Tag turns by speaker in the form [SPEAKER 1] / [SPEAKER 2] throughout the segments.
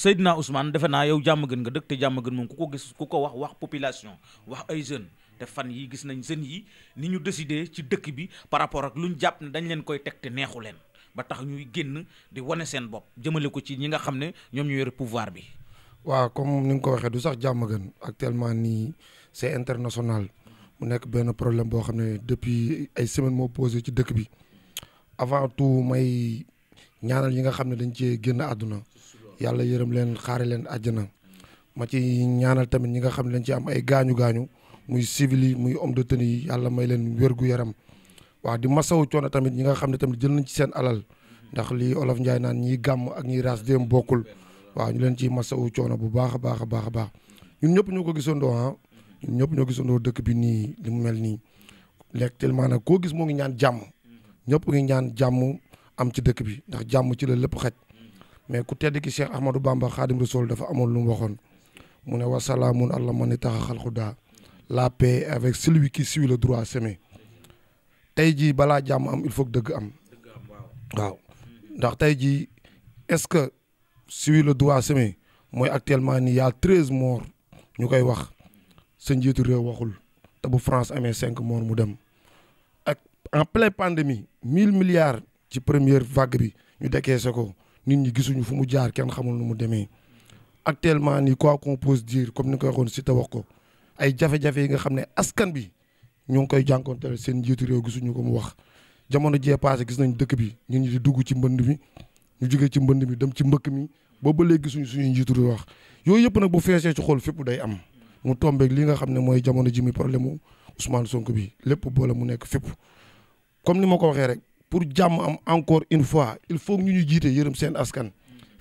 [SPEAKER 1] Seydina Ousmane defe naa yow jàmm gën nga dëkk te jàmm gën moom ku ko gis ku ko wax wax population wax ay jeunes te fan yi gis nañ jeunes yi ni ñu décidé ci dëkk bi par rapport ak lu ñu jàpp ne dañu leen koy teg te neexu leen ba tax ñuy génn di wane seen bopp jëmale ko ci ñi nga xam ne ñoom ñu yore pouvoir bi.
[SPEAKER 2] waaw comme ni nga ko waxee du sax jàmm actuellement nii c'est international mu nekk benn problème boo xam ne depuis ay semaines moo posé ci dëkk bi avant tout may ñaanal yi nga xam ne dañ cee génn àdduna. yàlla yërëm leen xaare leen àjjana ma ci ñaanal tamit ñi nga xam ne dañ ci am ay gaañu gaañu muy civil yi muy homme de tenue yi yàlla may leen wérgu yaram waaw di masawu coono tamit ñi nga xam ne tamit jël nañ ci seen alal ndax lii olof Njaay naan ñiy gàmm ak ñi raas dem mbokkul waaw ñu leen ci masawu coono bu baax a baax a baax a baax ñun ñëpp ñoo ko gisandoo ah ñun ñëpp ñoo gisandoo dëkk bi nii li mel nii léegi tellement nag koo gis moo ngi ñaan jàmm ñëpp ngi ñaan jàmm am ci dëkk bi ndax jàmm ci la lépp xaj mais ku tedd ki Cheikh Ahmadou Bamba Khadim Rassoul dafa amoon lu mu waxoon mu ne wasalaamun allah man taxa xalxuda la paix avec celui qui suit le droit tey jii balaa jàmm am il faut dëgg am waaw ndax tey jii est-ce que suit le droit mooy actuellement nii y'a treize morts ñu koy wax sa njiitu réew waxul te bu France amee cinq more mu dem ak en pleine pandémie mille milliards ci première vague bi ñu dekkee sa ko nit ñi gisuñu fu mu jaar kenn xamul nu mu demee actuellement nii quoi qu'on peut dire comme ni ko waxoon si ta ko ay jafe yi nga xam ne askan bi ñoo ngi koy jànkoon jànkonteel seen njiitu réew gisuñu ko mu wax jamono jee passé gis nañ dëkk bi ñu ñi di dugg ci mbënd mi ñu jógee ci mbënd mi dem ci mbëkk mi booba léegi gisuñu suñuy njiitu réew wax yooyu yëpp nag bu feesee ci xol fépp day am mu tombeeg li nga xam ne mooy jamono ji mi problème mu Ousmane Sonko bi lépp boole mu nekk fépp comme ni ma ko waxee rek pour jàmm am encore une fois il faut ñu ñu jiite yërëm seen askan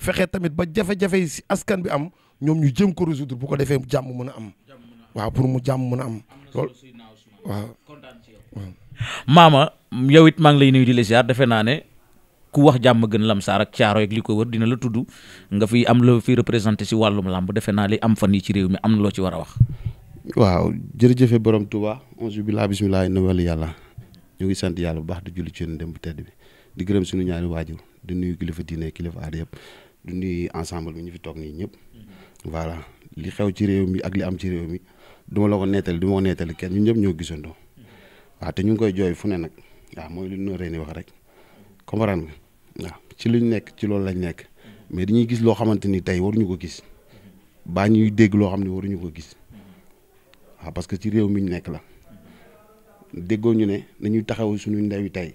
[SPEAKER 2] fexe tamit ba jafe-jafe si askan bi am ñoom ñu jëm ko résoudre bu ko defee jàmm mën a am waaw pour mu jàmm mën a am lool
[SPEAKER 1] waaw maama yow it maa ngi lay nuyu di la ziar defe naa ne ku wax jàmm gën lamsaar ak caaro ak li ko wër dina la tudd nga fi am la fi représenté si wàllum làmb defe naa li am fan yi ci réew mi am na loo ci war a wax
[SPEAKER 3] waaw jërëjëfe borom Touba onze bilaa bismillah nawal yàlla ñu ngi sant yàlla bu baax du julli ci yoon dem bu tedd bi di gërëm suñu ñaari waajur di nuyu kilifa diine kilifa aada yëpp di nuyu ensemble bi ñu fi toog nii ñëpp voilà li xew ci réew mi ak li am ci réew mi duma la ko nettali duma ko nettali kenn ñun ñëpp ñoo gisandoo waaw te ñu ngi koy jooy fu ne nag waaw mooy lu ñu reen wax rek comprendre nga waaw ci ñu nekk ci loolu lañ nekk mais dañuy gis loo xamante ni tey waruñu ko gis baa ñuy dégg loo xam ne waruñu ko gis waaw parce que ci réew mi ñu nekk la déggoo ñu ne nañuy taxaw suñu ndewi tey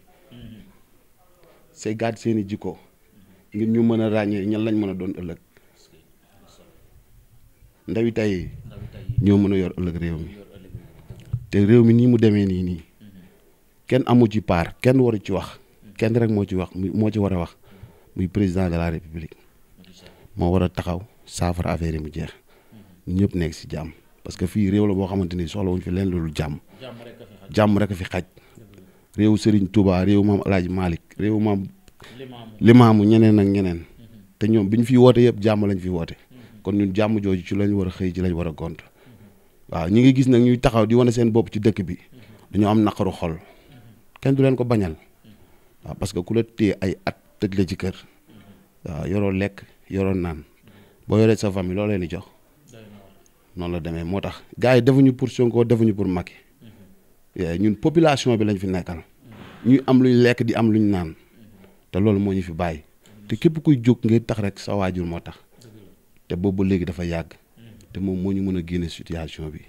[SPEAKER 3] say gàdd seeni i jikko ngir ñu mën a ràññee ñan lañ mën a doon ëllëg ndawi tey ñoo mën a yor ëllëg réew mi te réew mi nii mu demee nii nii kenn amu ci part kenn waru ci wax kenn rek moo ci wax moo ci war a wax muy président de la république moo war a taxaw saafara affaire yi mu jeex ñëpp nekk si jàmm parce que fii réew la boo xamante ni soxla wuñ fi leen loolu jàmm. jàmm rek fi xaj réew sëriñ Touba réew maam alaaj Hadj Malick réew maam. limaamu ñeneen ak ñeneen. te ñoom bi ñu fi woote yëpp jàmm lañ fi woote. kon ñun jàmm jooju ci lañ war a xëy ji lañ war a gont. waaw ñu ngi gis nag ñuy taxaw di wane seen bopp ci dëkk bi dañu am naqaru xol kenn du leen ko bañal waaw parce que ku la téye ay at tëj la ci kër waaw yoroo lekk yoroo naan boo yoree sa famille loo leen di jox noonu la demee moo tax gars yi defuñu pour Sonko defuñu pour Macky Eh, ñun population bi lañu fi nekkal ñuy am luñ lekk di am luñ naan te loolu moo ñu fi bàyyi te képp kuy jóg ngir tax rek sa waajur moo tax te boobu léegi dafa yàgg te moom moo ñu mën a génne situation bi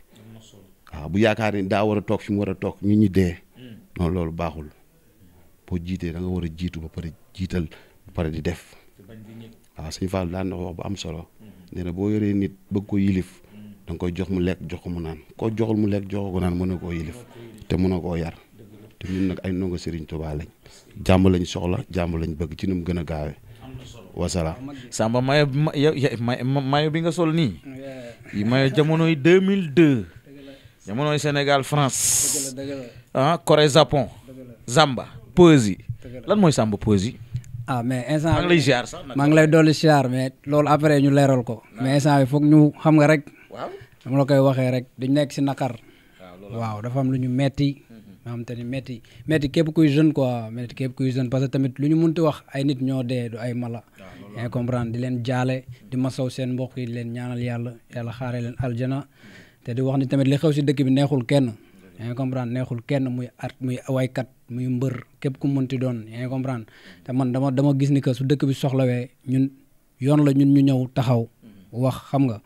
[SPEAKER 3] waaw bu yaakaar ni daa war a toog fi mu war a toog ñu ñu dee non loolu baaxul boo jiitee danga war a jiitu ba pare jiital ba di def waaw suñu Fall daan na wax bu am solo nee na boo yoree nit bëgg ko yilif da koy jox mu lekk jox ko mu naan koo joxul mu lekk jox naan mën na koo yilif te mën a koo yar te ñun nag ay ndongo Serigne Touba lañ jàmm lañ soxla jàmm lañ bëgg ci nu mu gën a gaawee wasalaam. Samba mayo mayo
[SPEAKER 1] bi nga sol nii mayo jamonoy 2002 jamonoy Sénégal France ah Corée Japon Zamba Poésie lan mooy Samba Poésie.
[SPEAKER 4] ah mais instant maa ngi lay ziar sax maa ngi lay dolli ziar mais loolu après ñu leeral ko mais instant bi foog ñu xam nga rek. waaw dama la koy waxee rek duñ nekk si nakar waaw dafa am lu ñu metti nga mhm. xam te ni metti metti képp kuy jeune quoi metti képp kuy jeune parce que tamit lu ñu ti wax ay nit ñoo dee du ay mala ah, yaa comprendre di leen jaale di masaw seen mbokk yi leen ñaanal yàlla yàlla xaare leen aljana te di wax ni tamit li xew si dëkk bi neexul kenn yaa ngi comprendre neexul kenn muy art muy kat muy mbër képp ku mënti doon yaa ngi comprendre te man dama dama gis ni que su dëkk bi soxlawee ñun yoon la ñun ñu ñëw taxaw mhm.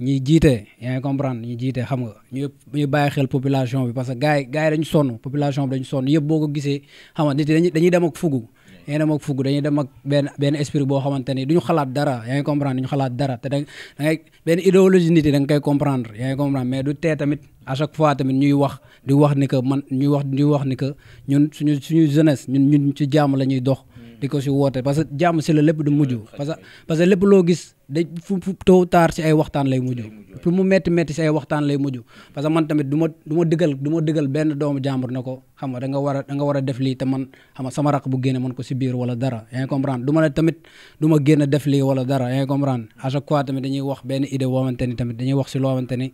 [SPEAKER 4] ñi jiite yaa ngi comprendre ñi jiite xam nga ñu yëpp ñu bàyyi xel population bi parce que gars yi gars yi dañu sonn population bi dañu sonn yëpp boo ko gisee xam nga nit dañuy dem ak fugu dañuy dem ak fugu dañuy dem ak benn benn esprit boo xamante ni duñu xalaat dara yaa ngi xalaat dara te da ngay benn idéologie nit yi da koy comprendre yaa comprendre mais du tee tamit à chaque fois tamit ñuy wax di wax ni que man ñuy wax ñuy wax ni que ñun suñu suñu jeunesse ñun ñun ci jàmm la ñuy dox di ko si woote parce que jàmm si la lépp du mujj parce que parce que lépp loo gis da fu fu tôt tard si ay waxtaan lay mujj pour mu metti metti si ay waxtaan lay mujj parce que man tamit du ma du ma dëggal du ma dëggal benn doomu jàmbur na ko xam nga da war a da nga war a def lii te man xam nga sama raq bu génne man ko si biir wala dara yaa ngi comprendre du tamit du ma génn def lii wala dara yaa ngi comprendre à chaque fois tamit dañuy wax benn idée boo xamante ni tamit dañuy wax si loo xamante ni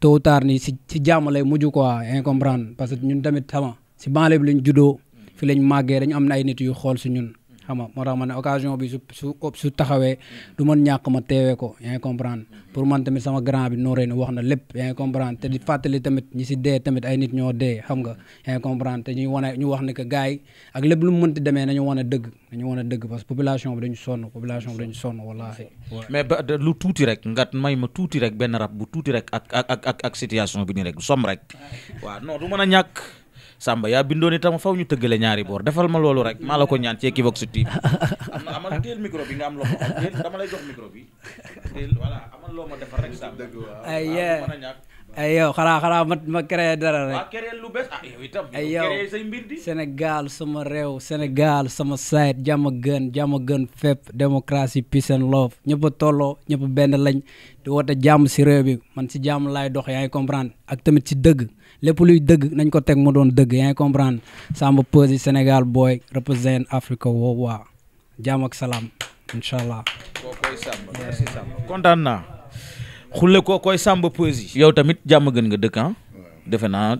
[SPEAKER 4] tôt tard nii si si jàmm lay mujj quoi yaa ngi parce que ñun tamit xam nga si banlieue bi lañ juddoo ci lañ màggee dañu am na ay nit yu xool si ñun xam moo tax ma ne occasion bi su su su taxawee du man ñàkk ma teewee ko yaa ngi comprendre pour man tamit sama grand bi nooree ni wax na lépp yaa ngi te di fàttali tamit ñi si dee tamit ay nit ñoo dee xam nga yaa ngi comprendre te ñu wax ne que gars yi ak lépp lu mu ti demee nañu wane dëgg nañu wane dëgg parce que population bi dañu sonn population bi dañu sonn wallaahi.
[SPEAKER 1] mais ba lu tuuti rek ngat may ma tuuti rek benn rab bu tuuti rek ak ak ak ak situation bi nii rek som rek Samba yaa bindoon itam faw ñu tëggale ñaari boor defal ma loolu rek maa la ko ñaan ci Equivox TV am na amal teel micro bi nga am loo ma teel dama lay jox micro bi teel voilà amal loo ma defal rek Samba ay mën a ñàkk
[SPEAKER 4] ay eh, yow xanaa xanaa ma ma créé dara rek. waaw créé lu bees ah yow itam. ay eh, yow créé say mbir di. sama réew Sénégal sama site jàmm gën jàmm gën fépp démocratie peace and love ñëpp a tolloo ñëpp benn lañ di woote jàmm si réew bi man si jàmm laay dox yaa ngi comprendre ak tamit si dëgg lépp luy dëgg nañ ko teg mu doon dëgg yaa ngi comprendre Samba Peuzzi Sénégal boy represent Africa wow waa jàmm ak
[SPEAKER 1] xulle koo koy sàmba poésie yow tamit jàmm gën nga dëkk ah. defe naa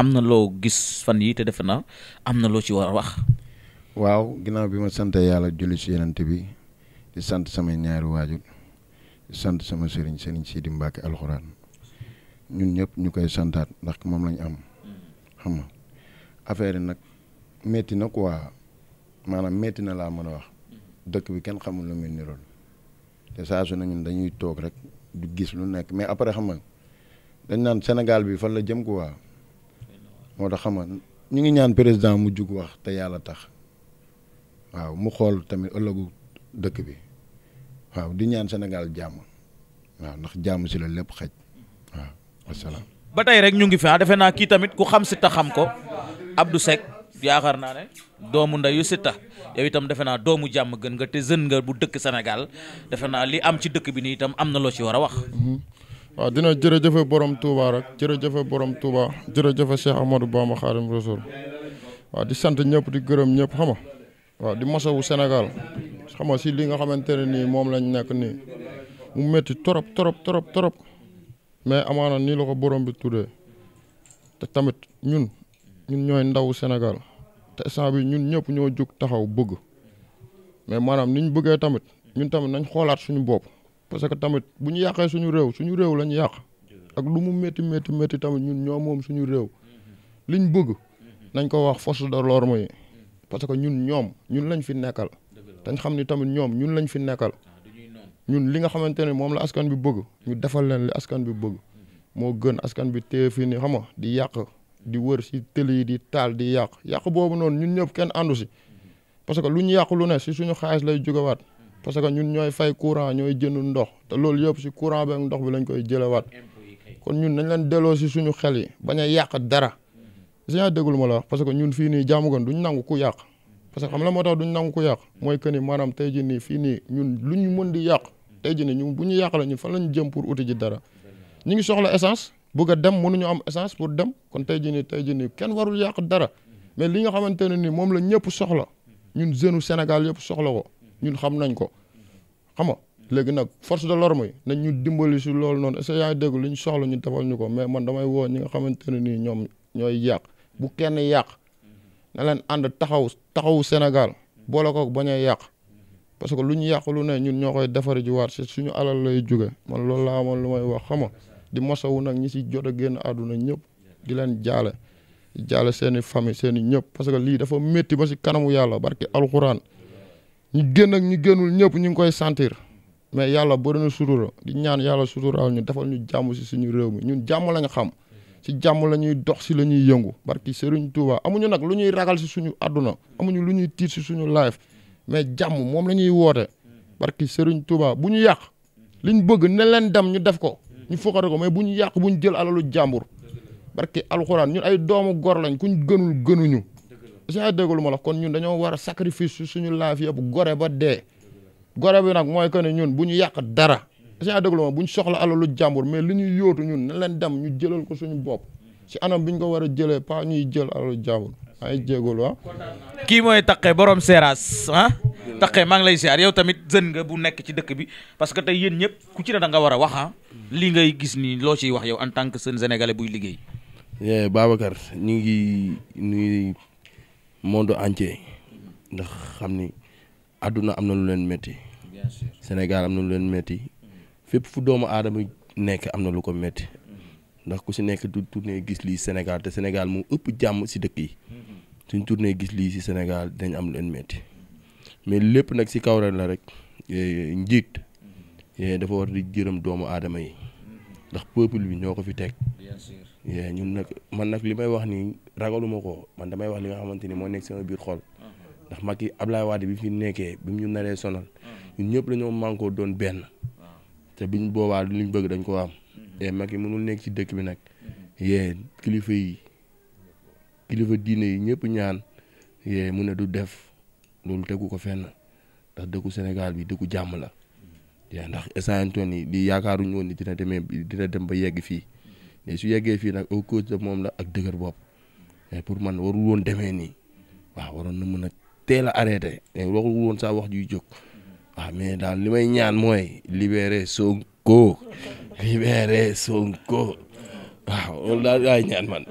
[SPEAKER 1] am na loo gis fan yi te defe naa am na loo ci war a
[SPEAKER 3] wax
[SPEAKER 5] waaw ginnaaw bi ma sant yàlla julli si yenante bi di sant samay ñaari waajur di sant sama sëriñ sëriñ di Mbacke alxuraan ñun ñëpp ñu koy santaat ndax moom lañu am xam nga affaire nag métti na waa maanaam métti na laa mën a wax dëkk bi kenn xamul lu muy niroon te saa su ne dañuy toog rek du gis lu nekk mais après xam nga dañ naan Sénégal bi fan la jëm ko quoi moo tax xam ñu ngi ñaan président mu jug wax te yàlla tax waaw mu xool tamit ëllëgu dëkk bi waaw di ñaan Sénégal jàmm waaw ndax jàmm si la lépp xaj waaw wasalaam.
[SPEAKER 1] ba tey rek ñu ngi fi ah defe naa kii tamit ku xam si tax xam ko Abdou Seck. yaakaar naa ne doomu ndeyu Siteu yow itam defe naa doomu jàmm gën nga te jeune nga bu dëkk senegal defe naa li am ci dëkk bi nii itam am na loo ci war a wax.
[SPEAKER 5] Mhm. waaw dina jëfe borom Touba rek jërëjëfe borom Touba jërëjëfe Cheikh Amadou Bamba Xaadimu Rasuul waaw di sant ñëpp di gërëm ñëpp xam nga di masawu senegal xam nga si lii nga xamante ne nii moom lañ nekk nii mu métti trop trop trop trop mais amaana nii la ko borom bi tuddee te tamit ñun. ñun ñooy ndaw Sénégal te instant bi ñun ñëpp ñoo jug taxaw bëgg mais maanaam ni bëggee tamit ñun tamit nañ xoolaat suñu bopp parce que tamit bu ñu yàqee suñu réew suñu réew la ñu yàq ak lu mu métti métti métti tamit ñun ñoo moom suñu réew liñ bëgg nañ ko wax force de l'ordre yi parce que ñun ñoom ñun lañ fi nekkal dañ xam ni tamit ñoom ñun lañ fi nekkal ñun li nga xamante ne moom la askan bi bëgg ñu defal leen li askan bi bëgg moo gën askan bi téye fii ni xam di yàq di wër si tëli di taal di yàq yàq boobu noonu ñun ñëpp kenn àndu si parce que lu ñu yàq lu ne si suñu xaalis lay jógewaat parce que ñun ñooy fay courant ñooy jënd ndox te loolu yëpp si courant bi ndox bi lañ koy jëlewaat kon ñun nañ leen delloo si suñu xel yi bañ a yàq dara mm-hmm. si nga déggul ma la parce que ñun fii nii jaamu gan duñ nangu ku yàq mm-hmm. parce que xam la moo tax duñ nangu ku yàq mooy que ni maanaam tey jii nii fii nii ñun lu ñu mën di yàq tey jii nii ñun bu ñu yàq la ñun fan lañ jëm pour uti ji dara bugg dem mënuñu am essence pour dem kon tey jii nii tey jii nii kenn warul yàq dara mais li nga xamante ne ni moom la ñëpp soxla ñun jeune Sénégal yëpp soxla ko ñun xam nañ ko xam nga léegi nag force de l'ordre yi nañ ñu dimbali si loolu noonu est-ce dégg lu ñu soxla ñu defal ñu ko mais man damay woo ñi nga xamante ne nii ñoom ñooy yàq bu kenn yàq na leen ànd taxaw taxawu Sénégal boole ko bañ a yàq parce que lu ñu yàq lu ne ñun ñoo koy defari jiwaat si suñu alal lay jóge man loolu laa amoon lu may wax xam di mosawu nag ñi si jot a génn àdduna ñëpp di leen jaale jaale seen i famille seen i ñëpp parce que lii dafa métti ba si kanamu yàlla barki alxuraan ñu génn ak ñu génnul ñëpp ñu ngi koy sentir mais yàlla bari na sutura di ñaan yàlla suturaal ñu defal ñu jàmm si suñu réew mi ñun jàmm la nga xam si jàmm la ñuy dox si la ñuy yëngu barki Serigne Touba amuñu nag lu ñuy ragal si suñu àdduna amuñu lu ñuy tiit si suñu life mais jàmm moom la ñuy woote barki Serigne Touba bu ñu yàq ñu bëgg ne leen dem ñu def ko ñu foqate ko mais bu ñu yàq bu ñu jël alalu jàmbur barki alxuraan ñun ay doomu gor lañ ku ñu gënul gënuñu saa déglu ma la kon ñun dañoo war a su suñu laaf bu gore ba dee gore bi nag mooy que ne ñun bu ñu yàq dara saa déglu bu ñu soxla alalu jàmbur mais li ñu yootu ñun na leen dem ñu jëlal ko suñu bopp si anam bi ñu ko war a jëlee pas ñuy jël alalu jàmbur ay jégalu ah.
[SPEAKER 1] kii mooy taqe borom seeraas ah. taqee maa ngi lay siyaar yow tamit jeune nga bu nekk ci dëkk bi parce que te yéen ñëpp ku ci ne da war a wax ah, li ngay gis nii loo ciy wax yow en tant que jeune sénégalais buy liggéey.
[SPEAKER 6] Babacar ñu ngi nuyu monde entier ndax xam ni àdduna am na lu leen metti Sénégal am na lu leen metti fépp fu doomu aadama nekk am na lu ko metti ndax ku si nekk du tourné gis lii Sénégal te Sénégal moo ëpp jàmm si dëkk yi mm-hmm. suñ tourné gis lii si Sénégal dañ am leen metti mais lépp nag si kaw ren la rek eh, njiit eh, dafa war di jërëm doomu aadama yi ndax peuple bi ñoo ko fi teg. bien eh, ñun nag man nag li may wax nii ragaluma ko man damay wax li nga xamante ni moo nekk sama biir xol. Uh-huh. ndax Macky Ablaye Wade bi fi nekkee bi mu ñu naree sonal. Uh-huh. ñun ñëpp lañoo mànkoo doon benn. Uh-huh. te biñ boobaa liñ bëgg dañ ko am. mag Macky mënul nekk ci dëkk bi nag. yee kilifa yi kilifa diine yi ñëpp ñaan yee mu ne du def. loolu tegu ko fenn ndax dëkku Sénégal bi dëkku jàmm la ndax Saint Antoine yi di yaakaaruñu woon dina demee dina dem ba yegg fii mais su yeggee fii nag au cause moom la ak dëgër bopp mais pour man waru woon demee nii waaw waroon na mën a teel a arrêté mais warul woon saa wax juy jóg waaw mais daal li may ñaan mooy libérer Sonko libérer Sonko waaw loolu daal laay ñaan man.